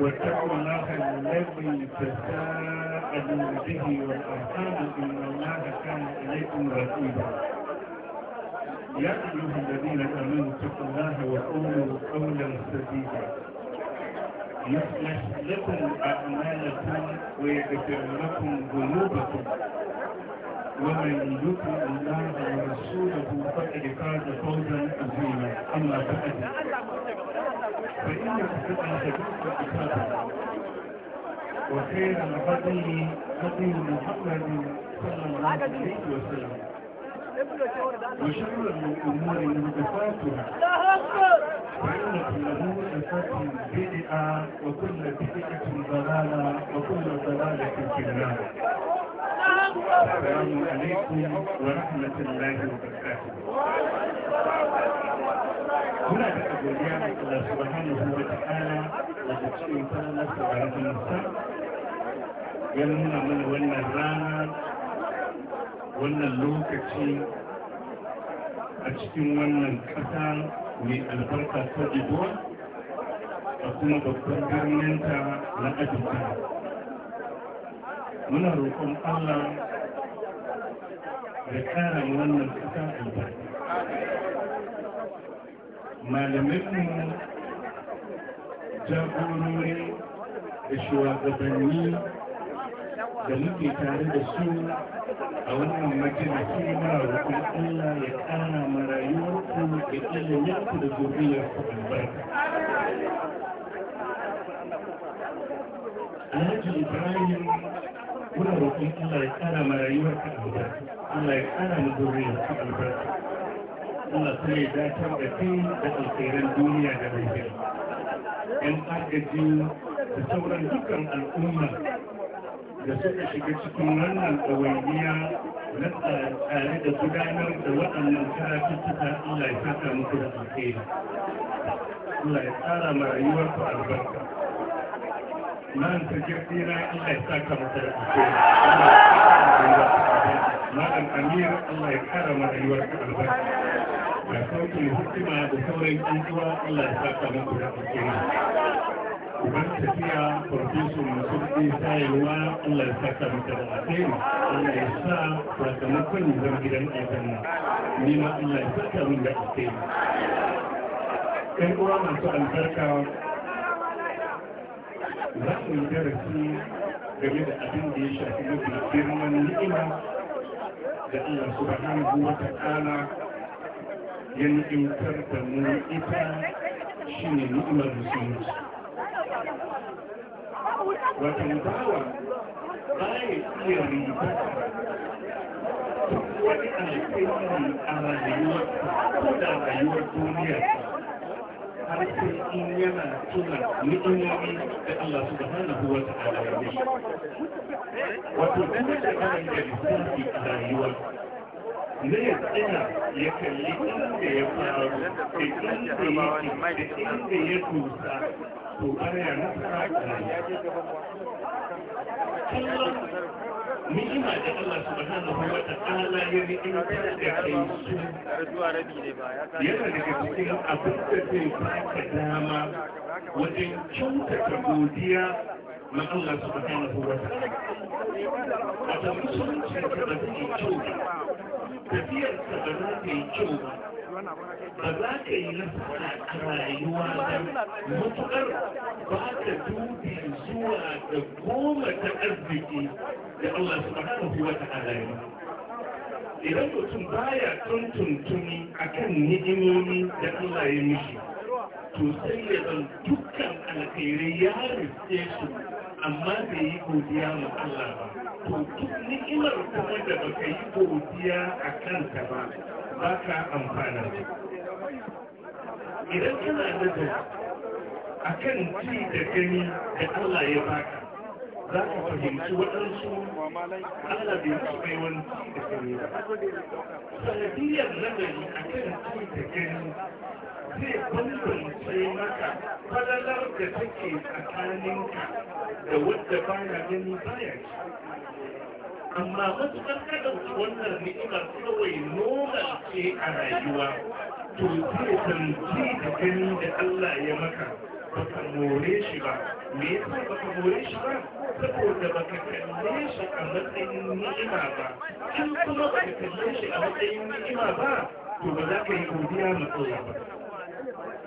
واتقوا الله الذي تساءلون به والارحام ان الله كان اليكم رقيبا يا ايها الذين امنوا اتقوا الله وقولوا قولا سديدا يصلح لكم اعمالكم ويغفر لكم ذنوبكم ومن يطع الله ورسوله فقد فاز فوزا عظيما اما بعد فإنك تبقى تتعلم وخير الهدي هدي محمد صلى الله عليه وسلم وشر الأمور محدثاتها فإن كل محدثة بدعة وكل بدعة ضلالة وكل ضلالة في النار السلام عليكم ورحمة الله وبركاته muna da godiya ga Allah subhanahu wa ta'ala da ta cikin fara sa da rabin sa ya nuna mana wannan rana wannan lokaci a cikin wannan ƙasa mai albarka ta Ibuwa a kuma babban birnin ta na Abuja. Muna roƙon Allah ya kara wannan ƙasa albarka. malamanmu jagorori da shugabanni da muke tare da su a wannan majalisi muna roƙon Allah ya ƙara ma da iliminku da zuriyarku albarka. Alhaji Ibrahim muna roƙon Allah ya ƙara ma rayuwarku albarka. Allah ya ƙara ma zuriyarku albarka. Allah kuma ya dace da kai da alkhairan duniya da lafiya yan agaji da sauran dukkan al'umma da suka shiga cikin wannan ɗawainiya na tsare da gudanar da waɗannan karatuttuka Allah ya saka muku da alkhairi Allah ya tsara ma rayuwarku albarka nan ta jirgina Allah ya saka masa da alkhairi Malam Amir Allah ya kara ma rayuwarka albarka da sauƙin hikima da sauran uwa Allah ya saka muku da alƙira. Uban tafiya Farfesun Musulmi Sayarwa Allah ya saka muku da alƙira. Allah ya sa sakamakon zan gidan aljanna. Ni ma Allah ya saka min da alƙira. uwa masu albarka za mu yi darasi game da abin da ya shafi mafi girman ni'ima da Allah subhanahu wa ta'ala ya nufintar da mu ita shi ne ni'imar musulunci wata mutawa ba ya iya riba wani alkhairi a rayuwar ko da rayuwar duniya har sai in yana tuna ni'imomi da Allah subhanahu wa ta'ala ya yi wato dan da kana da lissafi a rayuwar ya tsina ya kalli inda ya faru da inda ya ke da inda ya tusa to ƙarya na tsara kallon ni'ima da Allah subhanahu wa ta'ala ya ni'ima da kai su yana daga cikin abin da zai baka dama wajen kyautata godiya ma Allah subhanahu wa ta'ala a da musulunci da ba zai kyau tafiyar ka ba za ta yi kyau ba ba za ka yi nasara a rayuwa ba matuƙar ba ka dubi zuwa da goma ta arziki da Allah subhanahu wa ta'ala ya idan mutum baya tuntuntuni akan ni'imomi da Allah ya mishi to sai ya dukkan alkhairai ya riske su amma bai yi godiya ma Allah ba to duk ni'imar kuma da baka yi godiya a kanta ba ba ka amfana idan kana nazari a kan ci da gani da Allah ya baka za ka fahimci waɗansu Allah bai su bai wani da gani ba sanadiyar nazari a kan ci da gani zai bambance maka falalar da take tsakaninka da wadda baya gani baya ci amma matuƙar ka ɗauki wannan ni'imar kawai normal ce a rayuwa to zai tamci da gani da Allah ya maka baka more shi ba me yasa baka more shi ba saboda baka kalle shi a matsayin ni'ima ba in kuma baka kalle shi a matsayin ni'ima ba to ba za ka yi godiya ma ba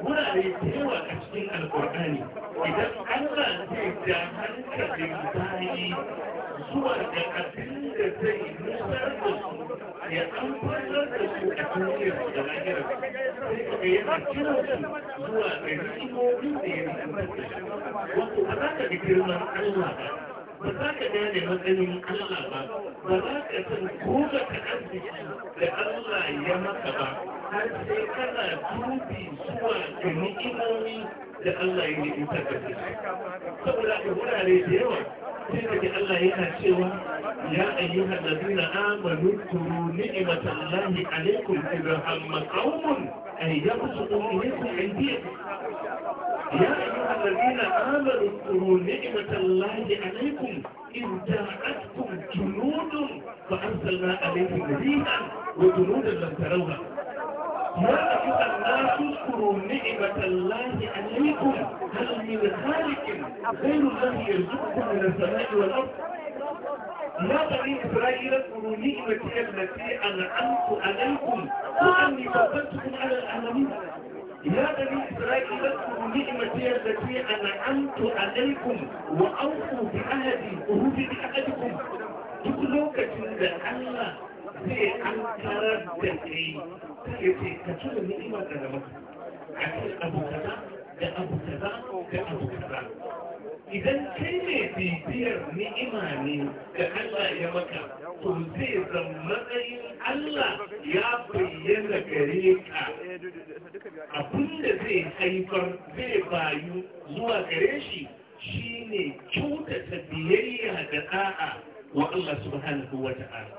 muna da yawa a cikin alkur'ani idan allah zai ja hankalin bayi zuwa da abin da zai nusar da su ya amfanar da su a duniyar da lahira sai ka yana kira su zuwa ga hikimomin da ya nufar da su wato ba za ka ga girman allah ba ba za ka gane matsayin Allah ba ba za ka san ko ka arziki da Allah ya maka ba har sai kana dubi zuwa ga ni'imomi da Allah ya yi ta kace saboda a wurare da yawa sai ka ji Allah yana cewa ya ayyuhal ladina amanu turu kuru ni'matallahi alaikum idza hamma qaumun ay yabsutu ilaykum aydiyahum يا أيها الذين آمنوا اذكروا نعمة الله عليكم إذ جاءتكم جنود فأرسلنا عليكم ريحا وجنودا لم تروها يا أيها الناس اذكروا نعمة الله عليكم هل من خالق غير الله يرزقكم من السماء والأرض يا بني إسرائيل اذكروا نعمتي التي أنعمت عليكم وأني فضلتكم على العالمين يا بني إسرائيل اذكروا نعمتي التي أنعمت عليكم وأوفوا بعهدي وهدي بأحدكم duk lokacin da Allah zai an karar da kai ya ce tuna a da abu kaza da abu idan kai ne bibiyar ni'ima ne da Allah ya maka to zai zama matsayin Allah ya bayyana gare ka zai haifar zai bayu zuwa gare shi shine kyautata biyayya da da'a wa Allah subhanahu wa ta'ala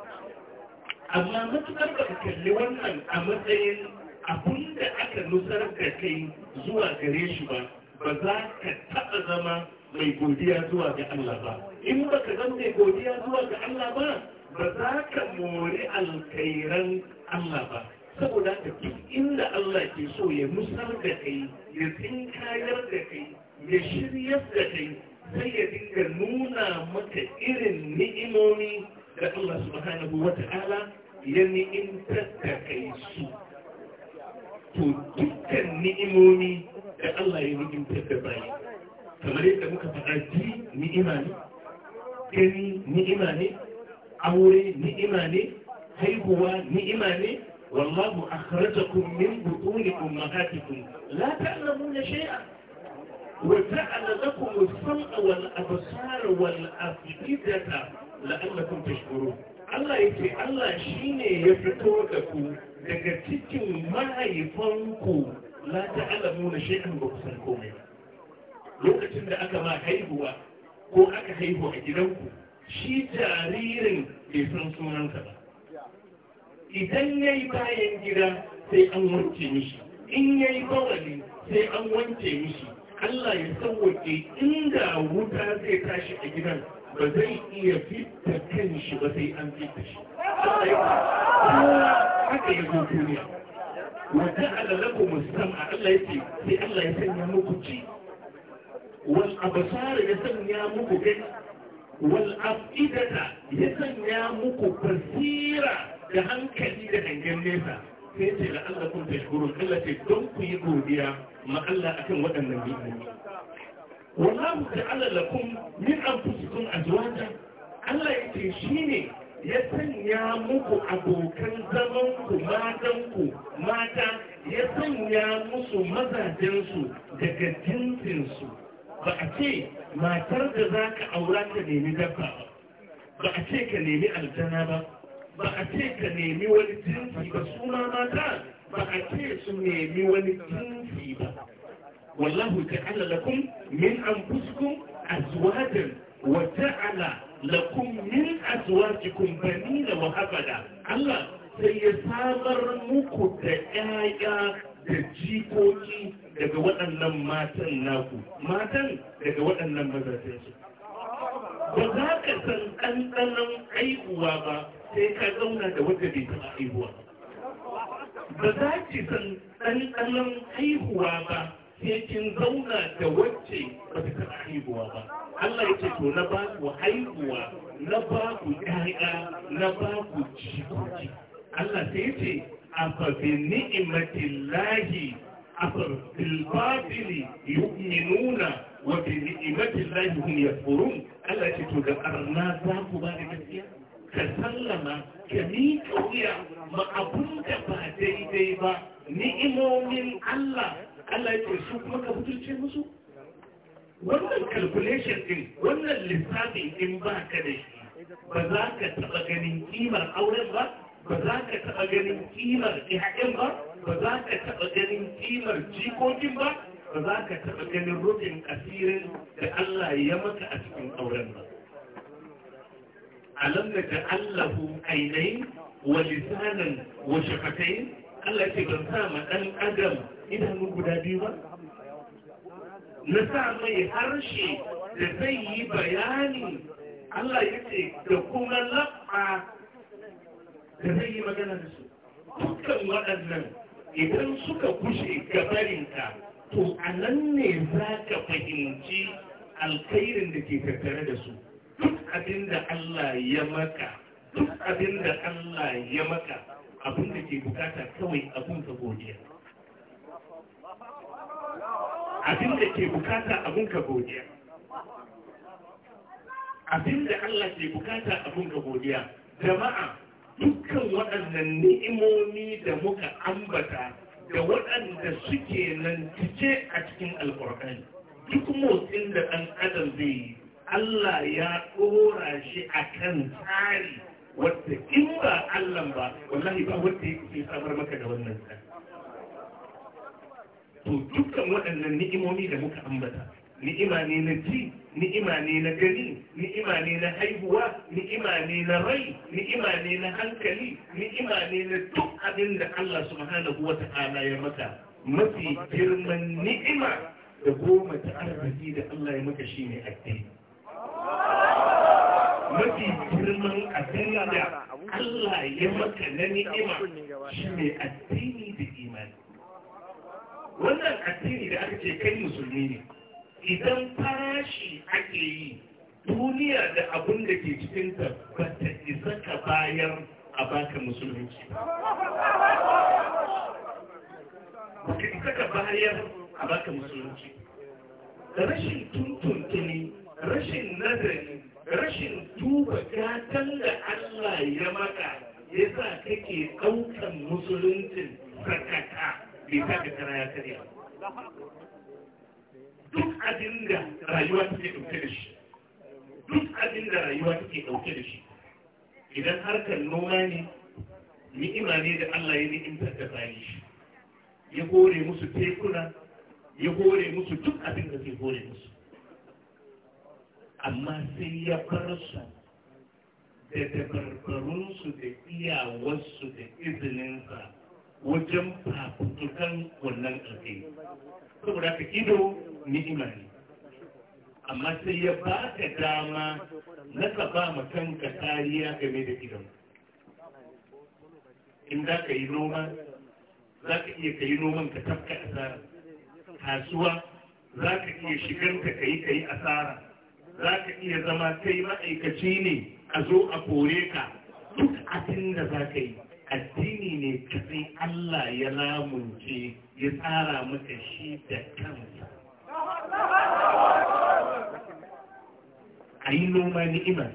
amma matukar ba kalli wannan a matsayin abin da aka nusar ka kai zuwa gare shi ba ba za ka taɓa zama mai godiya zuwa ga Allah ba in ba ka zama mai godiya zuwa ga Allah ba ba za ka mori alkairan Allah ba saboda ka duk inda Allah ke so ya nusar da kai ya tsinkayar da kai ya shiryar da kai sai ya dinga nuna maka irin ni'imomi da Allah subhanahu wa ta'ala ya ni'imtar da kai su to dukkan ni'imomi da Allah ya ni'imtar da bayi kamar yadda muka faɗa ji ni'ima ne gani ni'ima ne aure ni'ima ne haihuwa ni'ima ne wallahu akhrajakum min butuni ummahatikum la ta'lamuna shay'a wa ja'ala lakum as-sam'a wal absara wal afidata la'allakum tashkurun Allah yake Allah shi ne ya fito da ku daga cikin mahaifanku ta alamu na shekin ba ku san komai lokacin da aka ba haihuwa ko aka haihu a gidanku shi jaririn bai san sunansa ba idan ya yi bayan gida sai an wanke mishi in ya yi bawali sai an wanke mishi Allah ya sauwake inda wuta zai tashi a gidan ba zai iya fita kan shi ba sai an fita shi haka ya zo duniya wata alalaku musamman Allah ya ce sai Allah ya sanya muku ci wal abasara ya sanya muku gani wal afidata ya sanya muku basira da hankali da hangen nesa sai ce da Allah kun tashkurun Allah ce don ku yi godiya ma Allah akan waɗannan ni'imomi wallahu ta'ala lakum min anfusikum azwaja Allah yake shine ya sanya muku abokan zaman ku matan ku mata ya sanya musu mazajen su daga jinsin su ba a ce matar da za ka aura ka nemi dabba ba ba a ce ka nemi aljana ba ba a ce ka nemi wani jinsi ba suna mata ba a ce su nemi wani jinsi ba والله جعل لكم من أنفسكم أزواجا وجعل لكم من أزواجكم بنين وهبدا الله سيسامر مكو da تجيكوكي daga waɗannan matan naku matan daga waɗannan mazajensu ba za ka san ɗanɗanon aihuwa ba sai ka zauna da wadda bai ba za ki san ɗanɗanon haihuwa ba sai kin zauna da wacce ba ta taɓa haihuwa ba Allah ya ce to na ba ku haihuwa na ba ku ƴaƴa na ba ku jikoki Allah sai ya ce afa bi ni'matillahi afa bil yu'minuna wa bi ni'matillahi ya furun. Allah ya ce to da arna za ku ba da gaskiya ka sallama ka miƙa wuya ma abun da ba daidai ba ni'imomin Allah Allah ya ce su kuma ka mutunce musu wannan calculation din wannan lissafi din ba ka da shi ba za ka taɓa ganin kimar auren ba ba za ka taɓa ganin kimar ihaɗin ba ba za ka taɓa ganin kimar jikokin ba ba za ka taɓa ganin rufin asirin da Allah ya maka a cikin auren ba alam da Allahu ainihin wa lisanan wa shafatain Allah ce ban sa ma ɗan adam idanu guda biyu ba na sa mai harshe da zai yi bayani Allah ya ce da kuma laɓa da zai yi magana da su dukkan waɗannan idan suka kushe gabarinka to a nan ne za ka fahimci alkhairin da ke tattare da su duk abin da Allah ya maka duk abin da Allah ya maka abin da ke bukata kawai abin ka godiya abin da ke bukata abun ka godiya abin da Allah ke bukata abin ka godiya jama'a dukkan waɗannan ni'imomi da muka ambata da waɗanda suke nan cike a cikin alƙur'ani duk motsin da ɗan adam zai yi Allah ya ɗora shi a kan tsari wadda in ba Allah ba wallahi ba wadda ya samar maka da wannan tsari to dukkan waɗannan ni'imomi da muka ambata ni'ima ne na ji ni'ima ne na gani ni'ima ne na haihuwa ni'ima ne na rai ni'ima ne na hankali ni'ima ne na duk abin da Allah subhanahu wa ta'ala ya maka mafi girman ni'ima da goma ta arziki da Allah ya maka shi ne addini mafi girman abin da Allah ya maka na ni'ima shi ne addini da imani wannan addini da aka ce kai musulmi ne idan farashi ake yi duniya da abin da ke cikin ta ba ta isa ka bayar a baka musulunci ba isa ka bayar a baka musulunci rashin tuntuntuni rashin nazari rashin duba gatan da Allah ya maka ya sa kake ɗaukan musuluncin sakata bai sa ka kara ya karya duk abin da rayuwa take ɗauke da shi duk abin da rayuwa take ɗauke da shi idan harkar noma ne ni'ima ne da Allah ya ni'imtar da bayi shi ya gore musu tekuna ya gore musu duk abin da zai gore musu amma sai ya bar su da dabarbarunsu da iyawarsu da izininsa wajen fafutukan wannan ƙarfi saboda ka ido ni'ima ne amma sai ya ba ka dama na ka ba ma kanka kariya game da idon in za ka yi noma za ka iya ka yi noman ka tafka asara kasuwa za ka iya shigar ka yi ka yi asara za ka iya zama kai ma'aikaci ne a zo a kore ka duk abin da za ka yi addini ne kadai Allah ya ramunce ya tsara maka shi da kansa a yi noma ni'ima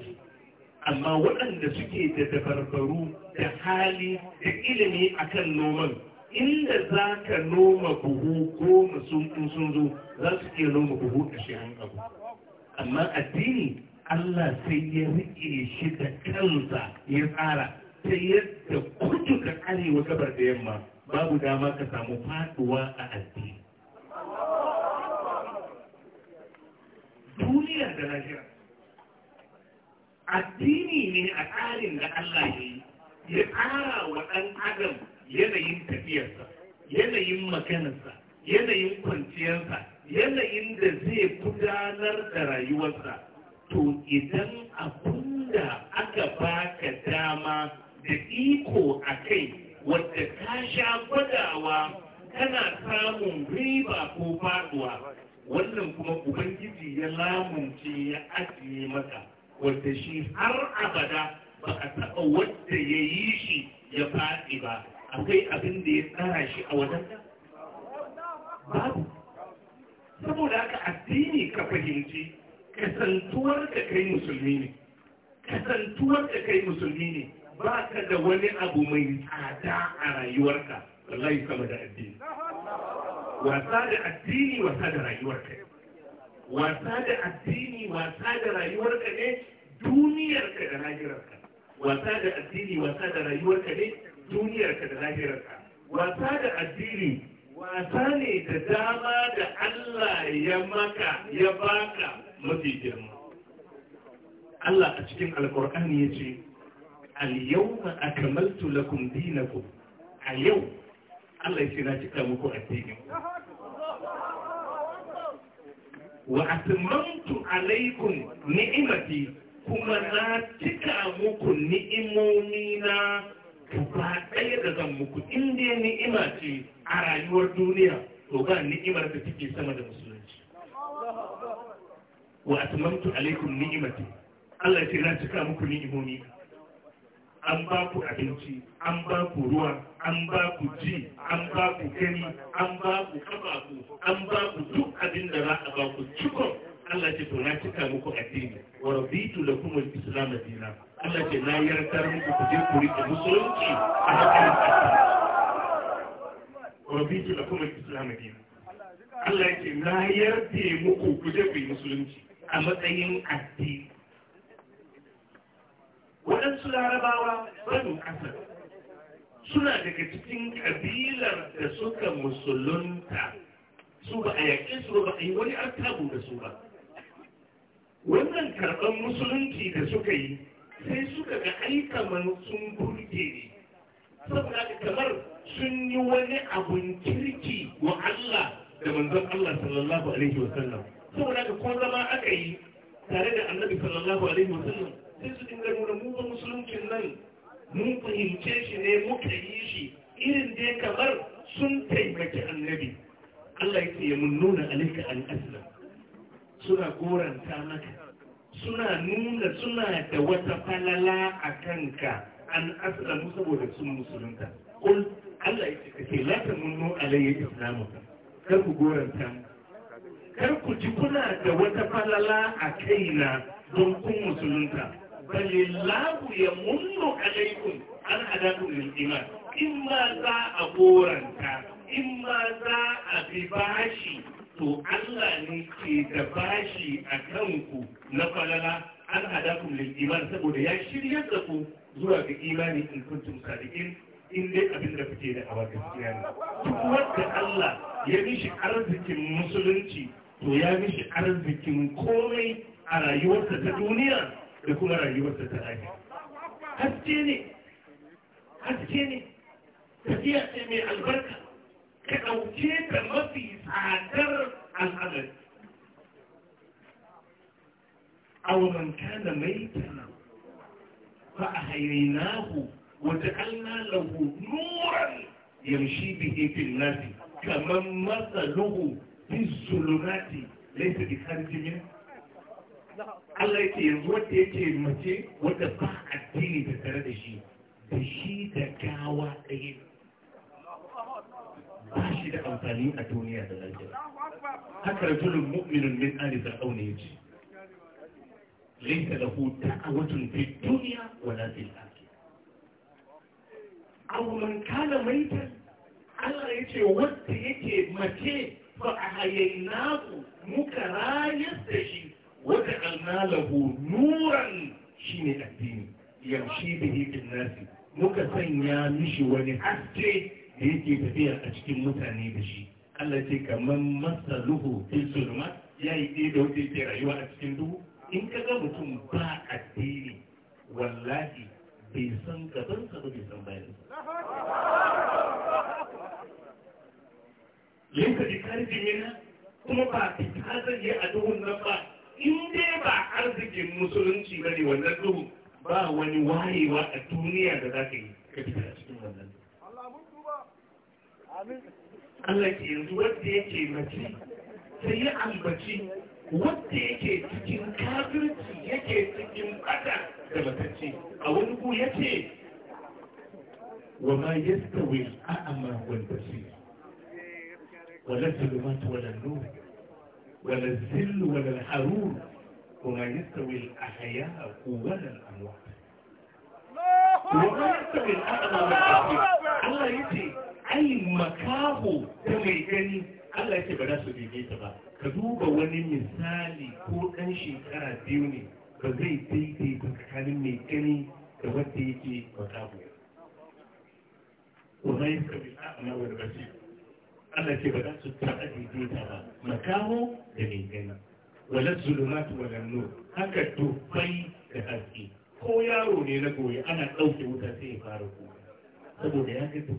amma waɗanda suke da dabarbaru da hali da ilimi akan noman inda za ka noma buhu goma sun zo za su iya noma buhu ashirin abu amma addini Allah sai ya riƙe shi da kansa ya tsara sai yadda kudu da arewa gabar da yamma babu dama ka samu faduwa a addini duniya da lahira addini ne a tsarin da Allah ya yi ya tsara wa ɗan adam yanayin tafiyarsa yanayin maganarsa yanayin kwanciyarsa yanayin da zai gudanar da rayuwarsa to idan abunda da aka baka dama da iko a kai wadda ta sha gwadawa tana samun riba ko faduwa wannan kuma ubangiji ya lamunce ya ajiye mata wadda shi har abada ba a taɓa wadda ya yi shi ya faɗi ba akwai abin da ya tsara shi a wadanda saboda haka addini ka fahimci kasantuwar da kai musulmi ne kasantuwar da kai musulmi ne ba ka da wani abu mai tsada a rayuwarka wallahi sama da addini wasa da addini wasa da rayuwarka wasa da addini wasa da rayuwarka ne duniyarka da lahirarka wasa da addini wasa da rayuwarka ne duniyarka da lahirarka wasa da addini wasa ne da dama da Allah ya maka ya baka mafi girma Allah a cikin Alƙur'ani ya ce al-yawma akmaltu lakum dinakum a yau Allah ce na cika muku addinin wa atmamtu alaikum ni'imati kuma na cika muku ni'imomi na gaba ɗaya da zan muku in dai ni'ima ce a rayuwar duniya to ba ni'imar da take sama da musulunci wa atmamtu alaikum ni'imati Allah ya ce na cika muku ni'imomi an ba ku abinci an ba ku ruwa an ba ku ji an ba ku gani an ba ku kafafu an ba ku duk abin da za a ba ku cikon Allah ce to na cika muku addini wa raditu lakum al-islam dina Allah ce na yarda muku ku je ku rike musulunci a hakan wa raditu lakum al-islam dina Allah ce na yarda muku ku je ku yi musulunci a matsayin addini waɗansu larabawa banu asad suna daga cikin ƙabilar da suka musulunta su ba a yaƙe su ba a yi wani artabu da su ba wannan karɓar musulunci da suka yi sai suka ga aikaman sun burge ne saboda kamar sun yi wani abun kirki wa Allah da manzon Allah sallallahu alaihi wasallam saboda ko zama aka yi tare da annabi sallallahu alaihi wasallam sai da dinga nuna mu ba musuluncin nan mun fahimce shi ne muka yi shi irin dai kamar sun taimaki annabi Allah ce ya mun nuna alaika an aslam suna goranta maka suna nuna suna da wata falala a kanka an aslamu saboda sun musulunta kul Allah ya ce ce la ta munno ta islamu kar ku goranta mu kar ku ji kuna da wata falala a kaina don kun musulunta balillahu ya munnu alaikum an hadatu in ma za a goranta in ma za a fi bashi to Allah ne ke da bashi a kanku na falala an hadakum saboda ya shirya da ku zuwa ga imani in kuntum sadiqin in dai abin da kuke da awa gaskiya wanda Allah ya mishi arzikin musulunci to ya mishi arzikin komai a rayuwarsa ta duniya da kuma rayuwarsa ta lafiya haske ne haske ne tafiya ce mai albarka ka ɗauke ta mafi tsadar al'adar a wurin kana mai tana fa a hainahu wata alna lahu nuran yamshi bihi fil nasi kaman masaluhu fi zulumati laysa Allah yake yanzu wanda yake mace wanda ba addini da tare da shi da shi da gawa ɗaya ba shi da amfani a duniya da lafiya haka rajulun mu'minun min ali da fir'aun ya ce laysa lahu da'watun fi dunya wala fil akhirah aw man kana maitan Allah ya yace wanda yake mace ba a ahyaynahu muka rayar da shi wata alnalahu nuran shine addini Yaushe da bin nasi muka sanya mishi wani haske da yake tafiya a cikin mutane da shi Allah ce kamar masa fil zulma ya yi ɗaya da rayuwa a cikin duhu in ka ga mutum ba addini wallahi bai san gabansa ba bai san bayansa yin ka ji karfi kuma ba fita zan yi a duhun nan ba in dai ba arzikin musulunci ba ne wannan duhu ba wani wayewa a duniya da za ka yi ka fita a cikin wannan Allah ke yanzu wadda yake mace sai ya ambaci wadda yake cikin kafirci yake cikin bada da matacce a wani ku ya ce wa ma yastawi a'ama wal basir wala zulumat wala nur ولا الذل ولا الحرور وما يستوي الأحياء ولا الأموات وما يستوي الأعمى والأبصير الله يتي أي مكاهو تمي جني Allah ya ce ba za su daidaita ba ka duba wani misali ko ɗan shekara biyu ne ba zai daidaita tsakanin mai gani da basir. التي بدأت تتعدي دينها مكاه دليل هنا ولا الظلمات ولا النور هكا التوفي كهذه هو ياروني لقوي أنا قوت وتسيه فاركو أبو لي هكا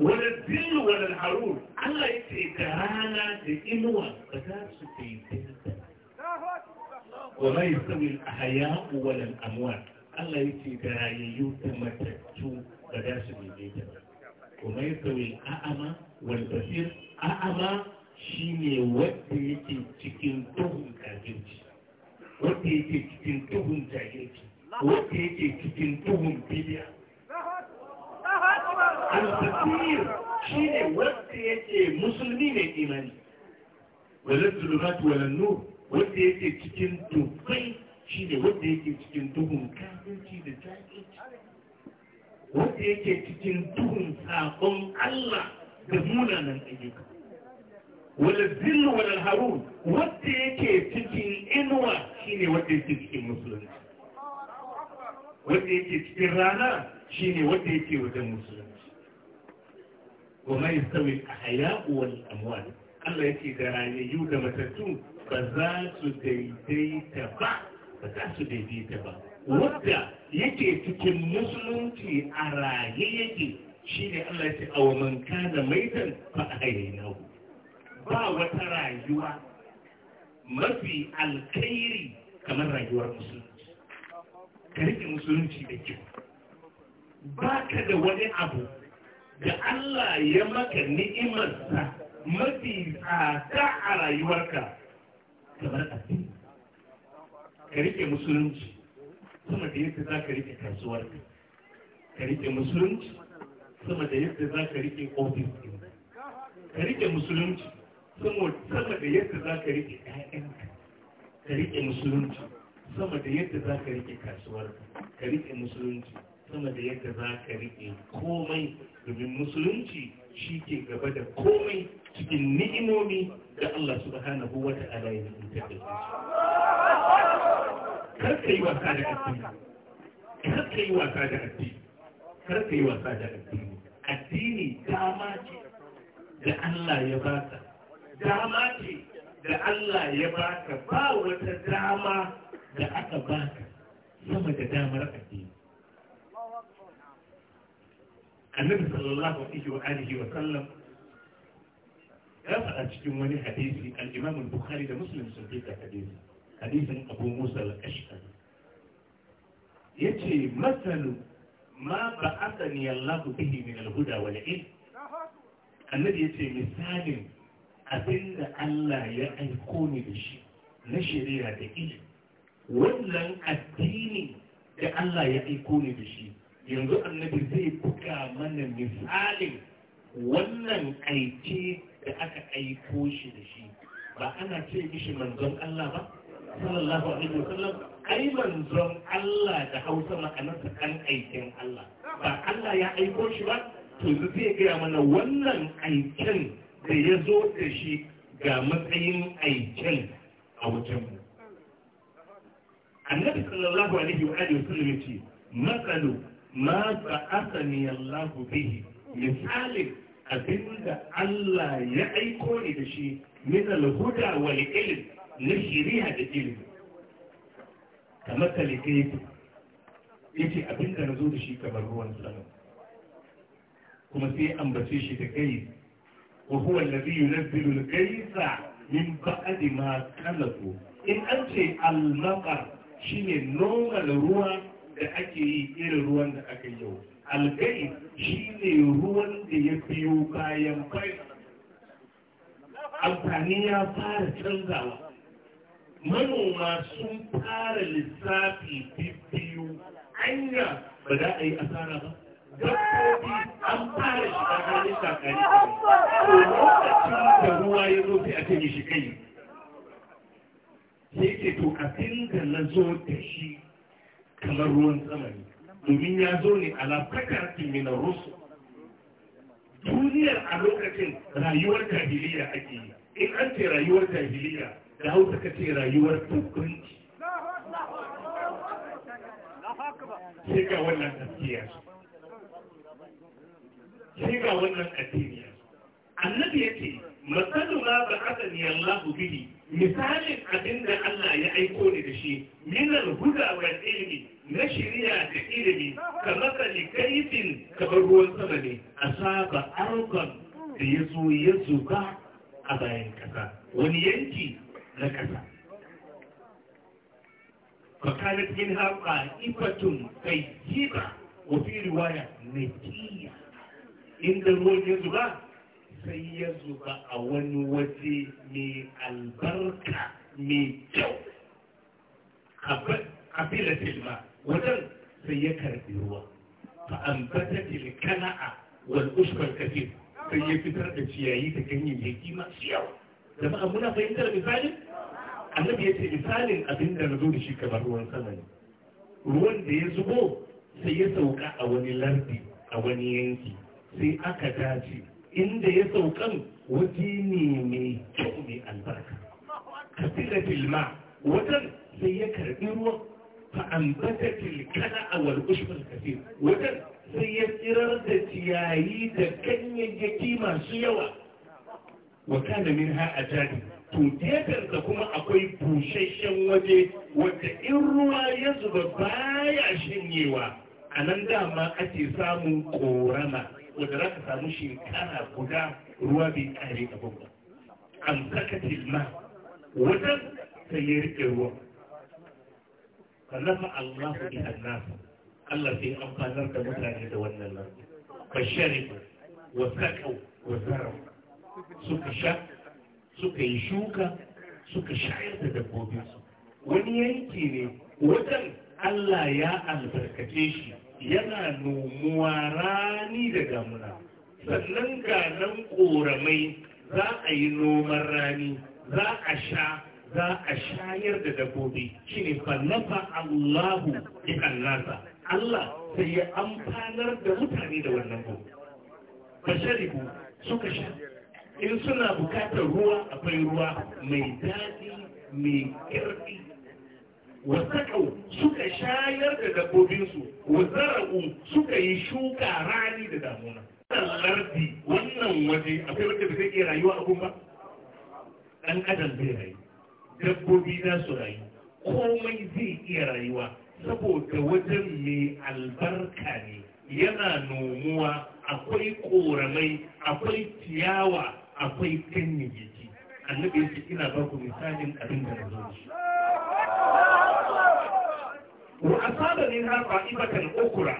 ولا الذل ولا الحرور على إتهانا تئنوا بدأت تتعدي وما يستوي الأحياء ولا الأموات الله يتي دعايي يوتا ما تكتو بدأت تتعدي a'ama يستوي الأعمى a'ama shi shine wanda yake cikin tuhun kafirci wanda yake cikin tuhun jahilci wanda yake cikin tuhun bidiya al-basir shine wanda yake musulmi ne imani wala zulumat wala nur wanda yake cikin shi shine wanda yake cikin tuhun kafirci da jahilci wanda yake cikin duhun sakon Allah da munanan ayyuka wala zillu wala harun wanda yake cikin inuwa shine wanda yake cikin musulunci wanda yake cikin rana shine wanda yake wajen musulunci wa ma yastawi al-ahya'u wal amwat Allah yake da rayayyu da matattu ba za su daidaita ba ba za su daidaita ba wanda yake cikin musulunci a raye yake shi ne Allah ya ce a wa man kana maitan fa ahyaynahu ba wata rayuwa mafi alkhairi kamar rayuwar musulunci ka musulunci da kyau ba ka da wani abu da Allah ya maka ni'imarsa mafi tsada a rayuwarka kamar addini ka riƙe musulunci sama da yadda za ka rike kasuwar ka rike musulunci sama da yadda za ka rike ofis ɗin ka rike musulunci sama da yadda za ka rike ƴaƴanka ka rike musulunci sama da yadda za ka rike kasuwar ka rike musulunci sama da yadda za ka rike komai domin musulunci shi ke gaba da komai cikin ni'imomi da Allah subhanahu wa ta'ala ya rubuta da karka yi wasa da addini karka yi wasa da addini karka yi wasa da addini addini dama ce da Allah ya baka dama ce da Allah ya baka ba wata dama da aka baka sama da damar addini annabi sallallahu alaihi wa alihi wa sallam ya faɗa cikin wani hadisi al-Imam al-Bukhari da Muslim sun kai hadisi hadisin abu musa al ashari ya ce masalu ma ba aka bihi min al-huda wa la'in annabi ya ce misalin abinda allah ya aiko ni da shi na shari'a da ilm wannan addini da allah ya aiko ni da shi yanzu annabi zai buga mana misalin wannan aiki da aka aiko shi da shi ba ana ce mishi manzon allah ba sallallahu alaihi wasallam ai manzon Allah da Hausa ma'anarsa kan aikin Allah ba Allah ya aiko shi ba to zai gaya mana wannan aikin da ya zo da shi ga matsayin aikin a wajen mu annabi sallallahu alaihi wa alihi wasallam ya ce ma ba'athani Allah bihi misalin abinda Allah ya aiko ni da shi min al-huda wal ilm na shari'a da ilimi kamar Ya ce abin da na zo da shi kamar ruwan sama kuma sai ambace shi da kai wa huwa allazi yunzilu al-ghaytha min ba'di ma kalafu in an ce al-maqar shine normal ruwa da ake yi irin ruwan da aka yi yau al-ghayth shine ruwan da ya biyu bayan fai amfani ya fara canzawa manoma sun fara lissafi biyu anya ba za a yi asara ba dabbobi an fara shiga halin shakari to lokacin da ruwa ya zo sai a canye shi kai sai ke to a da na zo da shi kamar ruwan sama domin ya zo ne a lafakar minar rusu duniyar a lokacin rayuwar tahiliya ake yi in an ce rayuwar tahiliya da hausa ka ce rayuwar tukunci sai ga wannan gaskiya sai ga wannan addiniya annabi ya ce matsalu ma ba aka ni Allah bihi misalin abin da Allah ya aiko ni da shi minar huda wa na shirya da ilimi ka matsali kaifin kamar ruwan sama ne a saba arkon da ya zo ya zuba a bayan kasa wani yanki na فكانت منها قائفة طيبة وفي رواية نتية إن الموت يزغى سيزغى أول وجه من البركة من جو قبيلة الماء وذن سيكر بروا فأنبتت الكنعة والأشبه الكثير سيكتر بشيائي تكني يكيما سيوه jama'a muna fahimtar misalin annabi ya ce misalin abin da na zo da shi kamar ruwan sama ne ruwan da ya zubo sai ya sauka a wani lardi a wani yanki sai aka dace inda ya saukan waje ne mai kyau mai albarka kasira filma wajen sai ya karbi ruwan fa'ambata tilkana a walƙushin kafin wajen sai ya tsirar da ciyayi da ganyayyaki masu yawa wa kana min ha ajali to gefensa kuma akwai busasshen waje wadda in ruwa ya zuba baya shanyewa a nan dama ake samun korama wadda za ka samu shekara guda ruwa bai kare a ba an saka tilma wajen sai ya rike ruwa kallafa Allah bi nasu. Allah sai amfanar da mutane da wannan nan bashari wa sakau wa zarau suka sha suka yi shuka suka shayar da dabbobinsu wani yanki ne wajen Allah ya albarkace shi yana nomuwa rani da damuna sannan ga nan ƙoramai za a yi noman rani za a sha za a shayar da dabbobi shine fallafa Allahu bi nasa Allah sai ya amfanar da mutane da wannan gobe basharibu suka sha in suna bukatar ruwa akwai ruwa mai daɗi mai ƙarfi wasakau suka shayar da dabbobinsu wazara'u suka yi shuka rani da damuna wannan lardi wannan waje akwai wanda bai iya rayuwa a ba ɗan adam zai rayu dabbobi za su rayu komai zai iya rayuwa saboda wajen mai albarka ne yana nomuwa akwai ƙoramai akwai ciyawa akwai ganyayyaki annabi ya ce ina ba ku misalin abin da na zoci wa asaba min ha qa'ibatan ukra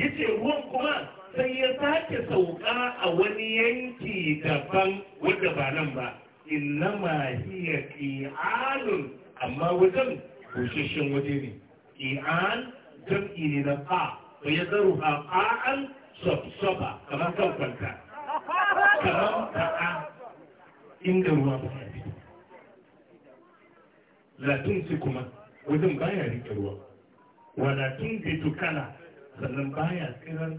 yace ruwan kuma sai ya sake sauka a wani yanki daban wanda ba nan ba innama hiya qi'alun amma wajen busheshen waje ne qi'al jam'i ne na qa fa yadruha qa'an sabsaba kamar kan kamar inda ruwa ba sa biyu latin ce kuma wajen baya rike ruwa Wa wadatun bitukala sannan baya tsirar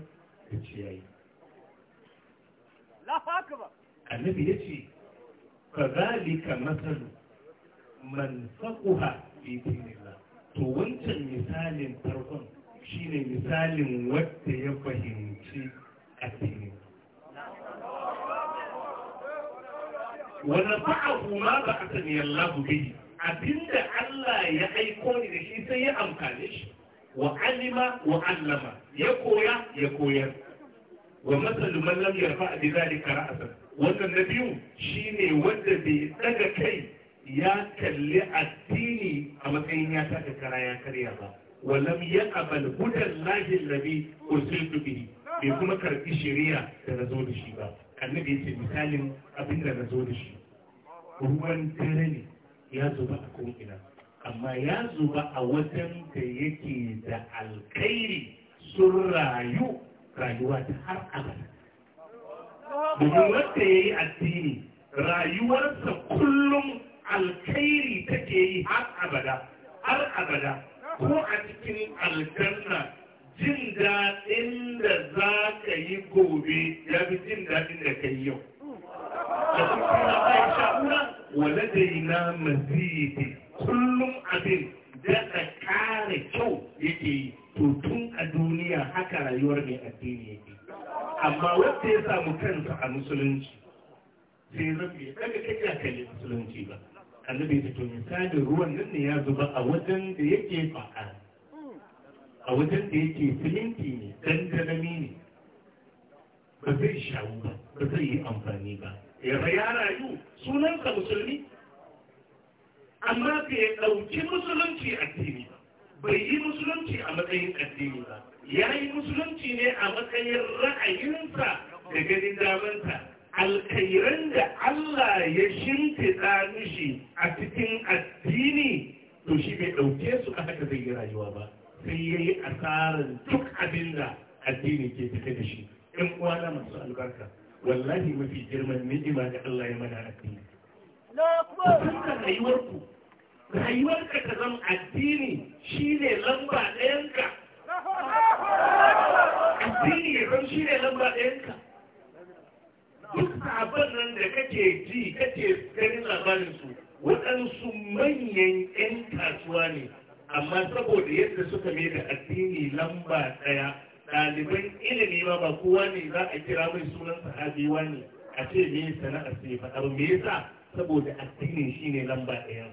da ciyayi annabi ya ce fa zalika matsalu man saquha fi to wancan misalin farkon shine misalin wanda ya fahimci addinin ونفعه ba a الله به abinda Allah ya aiko ni da shi sai ya amfani. shi wa wa allama ya koya ya koyar wa masalu man lam yarfa bi zalika ra'sa wannan nabiyu shine wanda bai daga kai ya kalli addini a matsayin ya taka kara ya karya ba wa lam yaqbal hudan lahi alladhi ursiltu bihi bai kuma karɓi shari'a da nazo da shi ba annabi ya ce misalin abin da na zo da shi ruwan kare ne ya zuba a ko'ina amma ya zuba a wajen da yake da alkairi sun rayu rayuwa ta har abada domin wanda ya yi addini rayuwarsa kullum alkairi take yi har abada har abada ko a cikin aljanna jin daɗin da za ka yi gobe ya fi jin daɗin da ka yi yau da kuma aisha sha'ura, wale da yi na mazidi kullum abin da ka ƙara kyau yake yi to tun a duniya haka rayuwar mai addini yake amma wanda ya samu kansa a musulunci sai zafi kaga kake kalli musulunci ba annabi ta to misali ruwan nan ne ya zuba a wajen da yake ba'a. a wajen da yake siminti ne dangalami ne ba zai shawo ba ba zai yi amfani ba yaba ya rayu sunansa musulmi amma ya ɗauki musulunci addini bai yi musulunci a matsayin addini ba ya yi musulunci ne a matsayin ra'ayinsa da ganin damansa alkairan da Allah ya shimfiɗa mishi a cikin addini to shi bai ɗauke su a haka zai yi rayuwa ba sai ya yi asarar duk abin da addini ke fita da shi ɗan uwana masu albarka wallahi mafi girman ni'ima da Allah ya mana addini rayuwarku rayuwarka ta zama addini shi ne lamba ɗayanka addini ya zama shi ne lamba ɗayanka duk sabon nan da kake ji kake ganin labarin su, waɗansu manyan 'yan kasuwa ne amma saboda yadda suka mai da addini lamba ɗaya ɗaliban ilimi ba ba kowa ne za a kira mai sunan sahabi wani a ce me sana'ar sai faɗa ba me yasa saboda addinin shine lamba ɗaya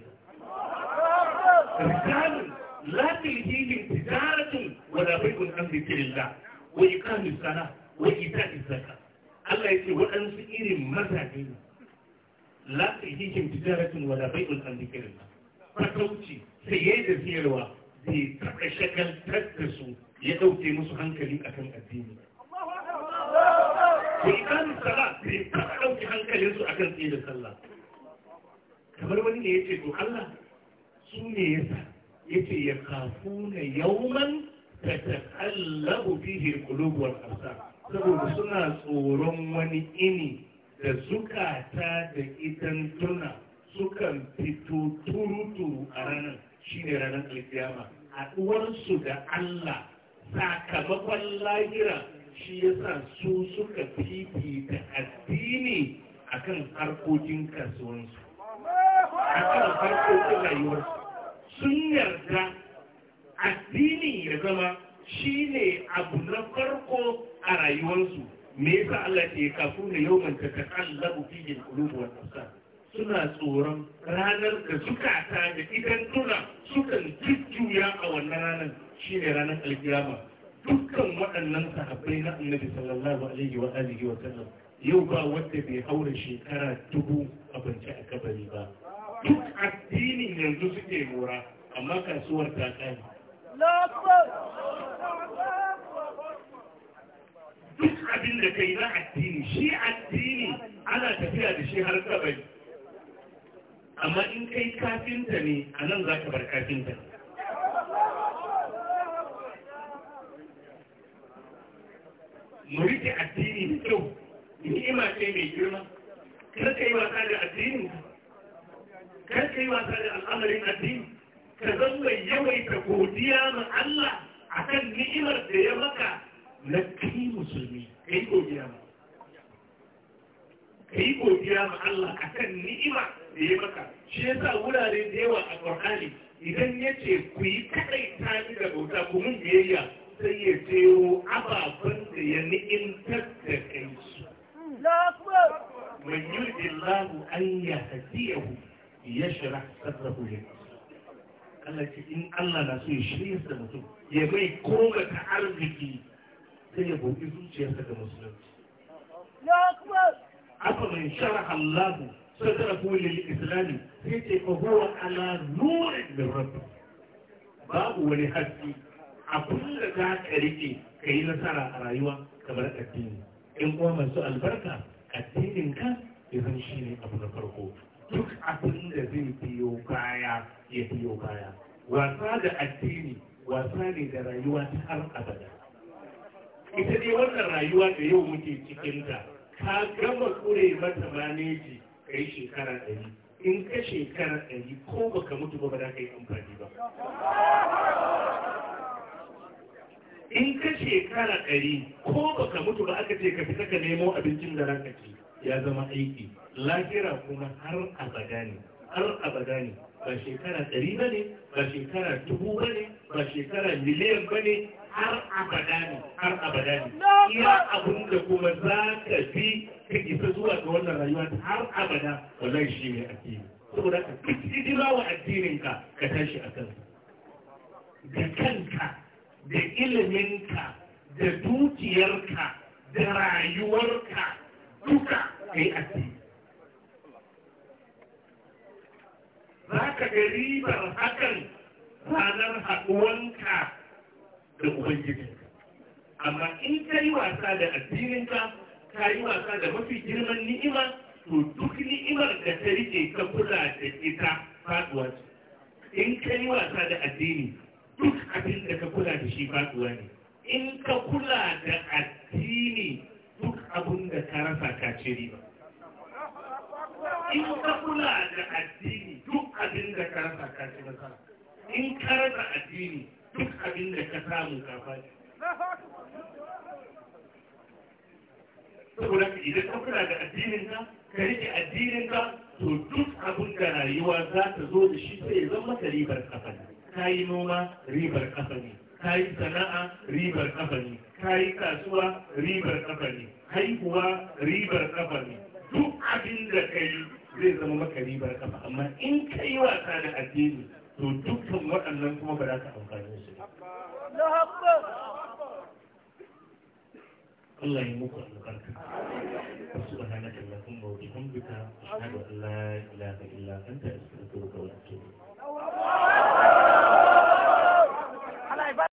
Rikamin, rijalun la tijaratin tijaratun wa la bai'un an dhikrillah wa iqamis salah wa ita'iz zakah Allah ya ce waɗansu irin mazaje ne la tilhihim tijaratun kun la bai'un an dhikrillah fatauci sai ya yi da siyarwa zai taɓa shakantar da su ya ɗauke musu hankali a kan addini. Ko ikamin sala zai taɓa ɗauke hankalinsu a kan tsaye da sallah. Kamar wani ne ya ce, to Allah su ne ya sa, ya ce ya kafu na yauman ta ta'allabu fihi kulubuwar ƙasa. Saboda suna tsoron wani ini da zukata da idan tuna sukan fito turuturu a ranar. shine ranar alkiyama haɗuwarsu da Allah sakamakon lahira shi yasa su suka fifita addini akan harkokin kasuwansu akan harkokin rayuwarsu sun yarda addini ya zama shine abu na farko a rayuwarsu me yasa Allah ke kafin da yau manta ta kallabu fiye da kulubuwar ƙasa suna tsoron ranar da ta da idan nuna sukan jujjuya a wannan ranar shi ne ranar alkiyama dukkan waɗannan sahabbai na annabi sallallahu alaihi wa alihi wa sallam yau ba wanda bai haura shekara dubu abinci a kabari ba duk addinin yanzu suke mora amma kasuwar ta kai duk abin da kai na addini shi addini ana tafiya da shi har kabari amma in kai kafinta ne a nan za ka bar kafinta mu rike addini da kyau ni'ima ce mai girma kar ka yi wasa da addini kar ka yi wasa da al'amarin addini ka zan mai yawaita godiya ma Allah akan ni'imar da ya maka na kai musulmi kai godiya ma kai godiya ma Allah akan ni'imar da ya maka shi ya sa wurare da yawa a Qur'ani idan ya ce ku yi kadai tani da bauta ku mun biyayya sai ya tero ababen da ya ni'in da kai su man yurdi Allahu an ya yashrah sadrahu lil Allah ce in Allah na so ya shirya da mutum ya mai koga ta arziki sai ya buɗi zuciyarsa ga musulunci. Afa man shara Allahu sadarahu lil islami sai ce fa huwa ala nurin da rabbi babu wani haske abin da za ka rike ka yi nasara a rayuwa kamar addini in kuma masu albarka addinin ka yanzu shi ne abu na farko duk abin da zai biyo baya ya biyo baya wasa da addini wasa ne da rayuwa ta har abada ita ne wannan rayuwa da yau muke cikinta ka gama kure mata maneji ka yi shekara ɗari in ka shekara ɗari ko ba ka mutu ba ba za ka yi amfani ba in ka shekara ɗari ko ba ka mutu ba aka ce ka fita ka nemo abincin da ranka ce ya zama aiki lahira kuma har abada ne har abada ne ba shekara ɗari ba ne ba shekara dubu ba ne ba shekara miliyan ba ne har abada ne har abada ne iya abun da kuma za ka fi ka isa zuwa ga wannan rayuwa har abada wallahi shi ne addini saboda ka hidima wa addininka ka tashi a ka. da kanka da iliminka da dukiyarka da rayuwarka duka Kai addini za ka ga ribar hakan ranar haɗuwanka da ubangiji amma in ka yi wasa da addininka ka yi wasa da mafi girman ni'ima to duk ni'imar da ta rike ka kula da ita faduwa ce in ka yi wasa da addini duk abin da ka kula da shi faduwa ne in ka kula da addini duk abin da ka rasa ka ce riba in ka kula da addini duk abin da ka rasa ka ce nasara in ka rasa addini duk abin da ka samu ka faɗi saboda idan ka kula da addininka ka rike addininka to duk abin da rayuwa za ta zo da shi sai ya zama ka ribar kafa ne ka yi noma ribar kafa ne ka yi sana'a ribar kafa ne ka yi kasuwa ribar kafa ne haihuwa ribar kafa ne duk abin da ka yi zai zama maka ribar kafa amma in ka yi wasa da addini to dukkan waɗannan kuma ba za ta amfani su Allah yi muku albarka subhanaka allahumma wa bihamdika ashhadu an la ilaha illa anta astaghfiruka wa atubu ilayk